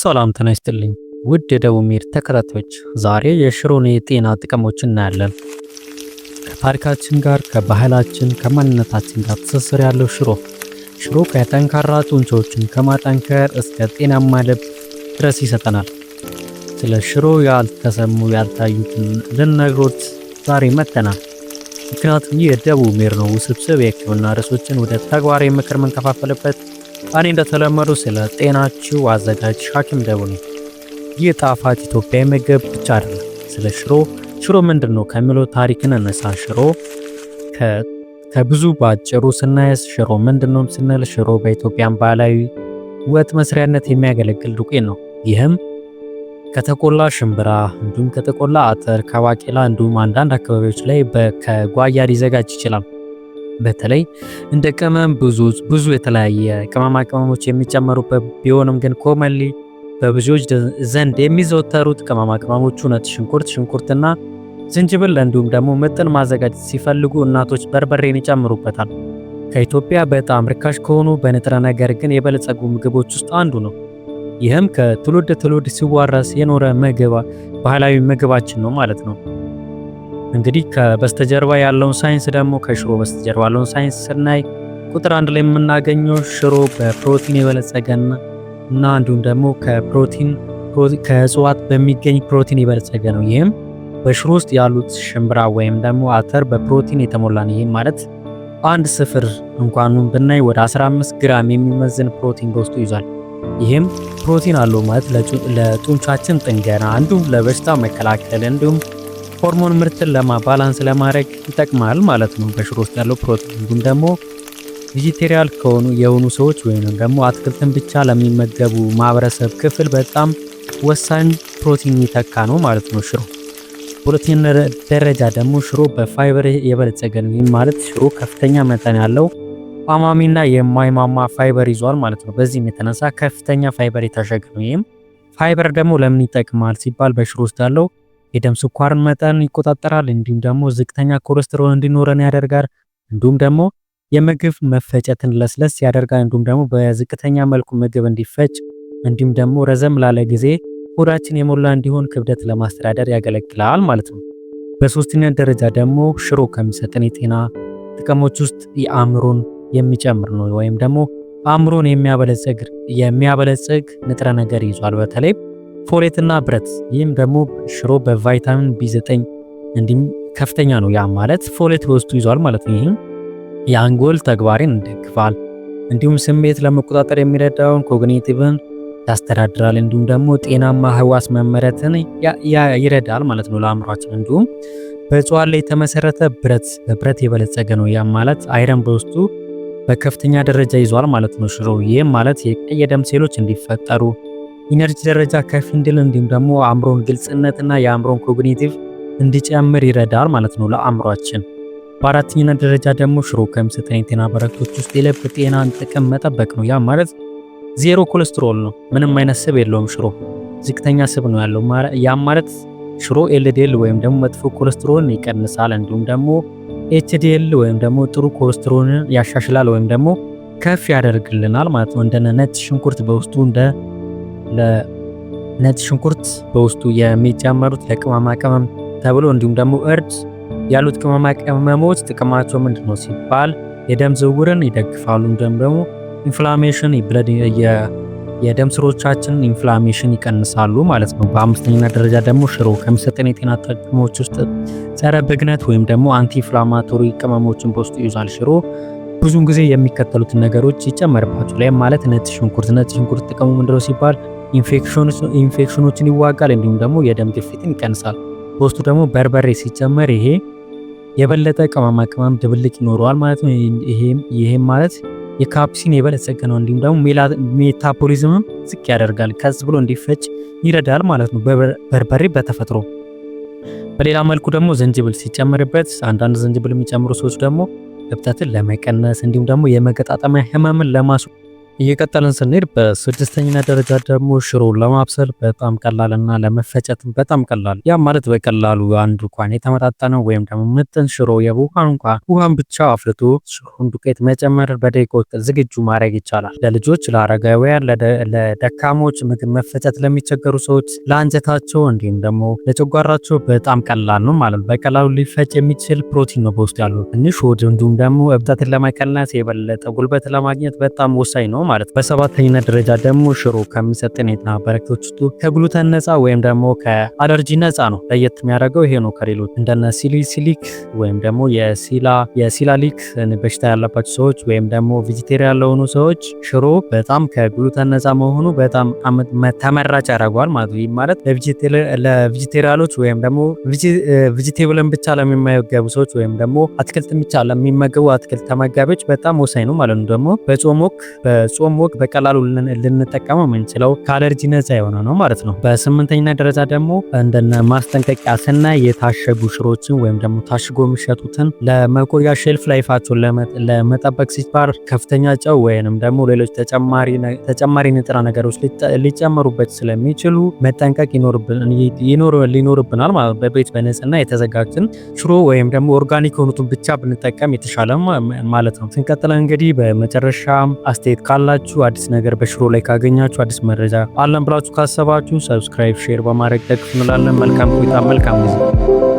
ሰላም ጤና ይስጥልኝ ውድ የደቡብ ሜድ ተከታታዮች፣ ዛሬ የሽሮን የጤና ጥቅሞች እናያለን። ከታሪካችን ጋር ከባህላችን ከማንነታችን ጋር ትስስር ያለው ሽሮ ሽሮ ከጠንካራ ጡንቻዎችን ከማጠንከር እስከ ጤናማ ልብ ድረስ ይሰጠናል። ስለ ሽሮ ያልተሰሙ ያልታዩትን ልነግሮት ዛሬ መጥተናል። ምክንያቱም ይህ የደቡብ ሜድ ነው፣ ውስብስብ የሕክምና ርዕሶችን ወደ ተግባራዊ ምክር የምንከፋፈልበት እኔ እንደተለመዱ ስለ ጤናችሁ አዘጋጅ ሐኪም ደቡ ነኝ። ይህ ጣፋጭ ኢትዮጵያዊ ምግብ ብቻ አይደለም። ስለ ሽሮ ሽሮ ምንድን ነው ከሚለው ታሪክን እነሳ። ሽሮ ከብዙ በአጭሩ ስናየስ ሽሮ ምንድን ነው ስንል ሽሮ በኢትዮጵያን ባህላዊ ወጥ መስሪያነት የሚያገለግል ዱቄት ነው። ይህም ከተቆላ ሽምብራ እንዲሁም ከተቆላ አተር ከባቄላ እንዲሁም አንዳንድ አካባቢዎች ላይ ከጓያ ሊዘጋጅ ይችላል። በተለይ እንደ ቅመም ብዙ ብዙ የተለያየ ቅመማ ቅመሞች የሚጨመሩበት ቢሆንም ግን ኮመንሊ በብዙዎች ዘንድ የሚዘወተሩት ቅመማ ቅመሞቹ ነጭ ሽንኩርት፣ ሽንኩርትና ዝንጅብል እንዲሁም ደግሞ ምጥን ማዘጋጀት ሲፈልጉ እናቶች በርበሬን ይጨምሩበታል። ከኢትዮጵያ በጣም ርካሽ ከሆኑ በንጥረ ነገር ግን የበለጸጉ ምግቦች ውስጥ አንዱ ነው። ይህም ከትውልድ ትውልድ ሲዋረስ የኖረ ምግብ ባህላዊ ምግባችን ነው ማለት ነው። እንግዲህ ከበስተጀርባ ያለውን ሳይንስ ደግሞ ከሽሮ በስተጀርባ ያለውን ሳይንስ ስናይ ቁጥር አንድ ላይ የምናገኘው ሽሮ በፕሮቲን የበለጸገና እና እንዲሁም ደግሞ ከፕሮቲን ከእጽዋት በሚገኝ ፕሮቲን የበለጸገ ነው። ይህም በሽሮ ውስጥ ያሉት ሽምብራ ወይም ደግሞ አተር በፕሮቲን የተሞላ ነው። ይህም ማለት አንድ ስፍር እንኳኑን ብናይ ወደ 15 ግራም የሚመዝን ፕሮቲን በውስጡ ይዟል። ይህም ፕሮቲን አለው ማለት ለጡንቻችን ጥንገና እንዲሁም ለበሽታ መከላከል እንዲሁም ሆርሞን ምርትን ለማባላንስ ለማድረግ ይጠቅማል ማለት ነው። በሽሮ ውስጥ ያለው ፕሮቲን እንዲሁም ደግሞ ቬጂቴሪያል ከሆኑ የሆኑ ሰዎች ወይም ደግሞ አትክልትን ብቻ ለሚመገቡ ማህበረሰብ ክፍል በጣም ወሳኝ ፕሮቲን የሚተካ ነው ማለት ነው ሽሮ። ፕሮቲን ደረጃ ደግሞ ሽሮ በፋይበር የበለጸገ ነው ይህም ማለት ሽሮ ከፍተኛ መጠን ያለው ቋማሚና የማይማማ ፋይበር ይዟል ማለት ነው። በዚህም የተነሳ ከፍተኛ ፋይበር የታሸገ ነው። ይህም ፋይበር ደግሞ ለምን ይጠቅማል ሲባል በሽሮ ውስጥ ያለው የደም ስኳርን መጠን ይቆጣጠራል። እንዲሁም ደግሞ ዝቅተኛ ኮሌስትሮል እንዲኖረን ያደርጋል። እንዲሁም ደግሞ የምግብ መፈጨትን ለስለስ ያደርጋል። እንዲሁም ደግሞ በዝቅተኛ መልኩ ምግብ እንዲፈጭ እንዲሁም ደግሞ ረዘም ላለ ጊዜ ሆዳችን የሞላ እንዲሆን ክብደት ለማስተዳደር ያገለግላል ማለት ነው። በሶስተኛ ደረጃ ደግሞ ሽሮ ከሚሰጠን የጤና ጥቅሞች ውስጥ የአእምሮን የሚጨምር ነው ወይም ደግሞ አእምሮን የሚያበለጽግ ንጥረ ነገር ይዟል። በተለይ ፎሌትና ብረት ይህም ደግሞ ሽሮ በቫይታሚን ቢ9 እንዲሁም ከፍተኛ ነው። ያ ማለት ፎሌት በውስጡ ይዟል ማለት ነው። ይህም የአንጎል ተግባርን እንደግፋል፣ እንዲሁም ስሜት ለመቆጣጠር የሚረዳውን ኮግኒቲቭን ያስተዳድራል፣ እንዲሁም ደግሞ ጤናማ ህዋስ መመረትን ይረዳል ማለት ነው ለአእምሯችን። እንዲሁም በእጽዋት ላይ የተመሰረተ ብረት በብረት የበለጸገ ነው። ያ ማለት አይረን በውስጡ በከፍተኛ ደረጃ ይዟል ማለት ነው ሽሮ። ይህም ማለት የቀይ ደም ሴሎች እንዲፈጠሩ ኢነርጂ ደረጃ ከፍ እንድል እንዲሁም ደግሞ አእምሮን ግልጽነትና የአእምሮን ኮግኒቲቭ እንዲጨምር ይረዳል ማለት ነው ለአእምሯችን። በአራተኛነት ደረጃ ደግሞ ሽሮ ከሚሰጠን የጤና በረከቶች ውስጥ የልብ ጤናን ጥቅም መጠበቅ ነው። ያ ማለት ዜሮ ኮሌስትሮል ነው። ምንም አይነት ስብ የለውም። ሽሮ ዝቅተኛ ስብ ነው ያለው። ያ ማለት ሽሮ ኤልዲኤል ወይም ደግሞ መጥፎ ኮሌስትሮልን ይቀንሳል። እንዲሁም ደግሞ ኤችዲኤል ወይም ደግሞ ጥሩ ኮሌስትሮልን ያሻሽላል ወይም ደግሞ ከፍ ያደርግልናል ማለት ነው። እንደነ ነጭ ሽንኩርት በውስጡ እንደ ለነጭ ሽንኩርት በውስጡ የሚጨመሩት ለቅመማ ቅመም ተብሎ እንዲሁም ደግሞ እርድ ያሉት ቅመማ ቅመሞች ጥቅማቸው ምንድን ነው ሲባል የደም ዝውውርን ይደግፋሉ። እንዲሁም ደግሞ ኢንፍላሜሽን የደም ስሮቻችን ኢንፍላሜሽን ይቀንሳሉ ማለት ነው። በአምስተኛ ደረጃ ደግሞ ሽሮ ከሚሰጠን የጤና ጥቅሞች ውስጥ ጸረ ብግነት ወይም ደግሞ አንቲ ኢንፍላማቶሪ ቅመሞችን በውስጡ ይዟል። ሽሮ ብዙን ጊዜ የሚከተሉትን ነገሮች ይጨመርባቸዋል። ይህም ማለት ነጭ ሽንኩርት ነጭ ሽንኩርት ጥቅሙ ምንድነው ሲባል ኢንፌክሽኖችን ይዋጋል፣ እንዲሁም ደግሞ የደም ግፊትን ይቀንሳል። በውስጡ ደግሞ በርበሬ ሲጨመር ይሄ የበለጠ ቅመማ ቅመም ድብልቅ ይኖረዋል ማለት ነው። ይህም ማለት የካፕሲን የበለጸገ ነው። እንዲሁም ደግሞ ሜታቦሊዝምም ዝቅ ያደርጋል፣ ቀስ ብሎ እንዲፈጭ ይረዳል ማለት ነው። በርበሬ በተፈጥሮ በሌላ መልኩ ደግሞ ዝንጅብል ሲጨምርበት፣ አንዳንድ ዝንጅብል የሚጨምሩ ሰዎች ደግሞ እብጠትን ለመቀነስ እንዲሁም ደግሞ የመገጣጠሚያ ህመምን ለማስ እየቀጠልን ስንሄድ በስድስተኛ ደረጃ ደግሞ ሽሮ ለማብሰል በጣም ቀላልና ለመፈጨት በጣም ቀላል ያ ማለት በቀላሉ አንድ እንኳን የተመጣጠነው ወይም ደግሞ ምጥን ሽሮ የውሃን እንኳን ውሃን ብቻ አፍልቶ ሽሮን ዱቄት መጨመር በደቂቃዎች ዝግጁ ማድረግ ይቻላል። ለልጆች፣ ለአረጋውያን፣ ለደካሞች፣ ምግብ መፈጨት ለሚቸገሩ ሰዎች፣ ለአንጀታቸው እንዲሁም ደግሞ ለጨጓራቸው በጣም ቀላል ነው ማለት በቀላሉ ሊፈጭ የሚችል ፕሮቲን ነው በውስጡ ያሉ ትንሽ እንዲሁም ደግሞ እብጠትን ለመቀነስ የበለጠ ጉልበት ለማግኘት በጣም ወሳኝ ነው። ነው ማለት ነው። በሰባተኛ ደረጃ ደግሞ ሽሮ ከሚሰጥን የጤና በረከቶች ውስጥ ከግሉተን ነፃ ወይም ደግሞ ከአለርጂ ነፃ ነው። ለየት የሚያደርገው ይሄ ነው ከሌሎች እንደነ ሲሊሲሊክ ወይም ደግሞ የሲላሊክ በሽታ ያለባቸው ሰዎች ወይም ደግሞ ቬጂቴሪያን ለሆኑ ሰዎች ሽሮ በጣም ከግሉተን ነፃ መሆኑ በጣም ተመራጭ ያደርገዋል ማለት ነው። ይህ ማለት ለቬጂቴሪያሎች ወይም ደግሞ ቬጂቴብልን ብቻ ለሚመገቡ ሰዎች ወይም ደግሞ አትክልት ብቻ ለሚመገቡ አትክልት ተመጋቢዎች በጣም ወሳኝ ነው ማለት ነው። ደግሞ በጾም ወቅት በጾም ወቅት በቀላሉ ልንጠቀመው የምንችለው ከአለርጂ ነጻ የሆነ ነው ማለት ነው። በስምንተኛ ደረጃ ደግሞ እንደነ ማስጠንቀቂያ ስናይ የታሸጉ ሽሮችን ወይም ደግሞ ታሽጎ የሚሸጡትን ለመቆያ ሼልፍ ላይፋቸውን ለመጠበቅ ሲባል ከፍተኛ ጨው ወይንም ደግሞ ሌሎች ተጨማሪ ንጥረ ነገሮች ሊጨመሩበት ስለሚችሉ መጠንቀቅ ሊኖርብናል ማለት በቤት በንጽህና የተዘጋጅን ሽሮ ወይም ደግሞ ኦርጋኒክ የሆኑትን ብቻ ብንጠቀም የተሻለ ማለት ነው። ስንቀጥለን እንግዲህ በመጨረሻ አስተያየት ካለ ካላችሁ አዲስ ነገር በሽሮ ላይ ካገኛችሁ አዲስ መረጃ አለን ብላችሁ ካሰባችሁ ሰብስክራይብ፣ ሼር በማድረግ ደግፍ እንላለን። መልካም ቆይታ፣ መልካም ጊዜ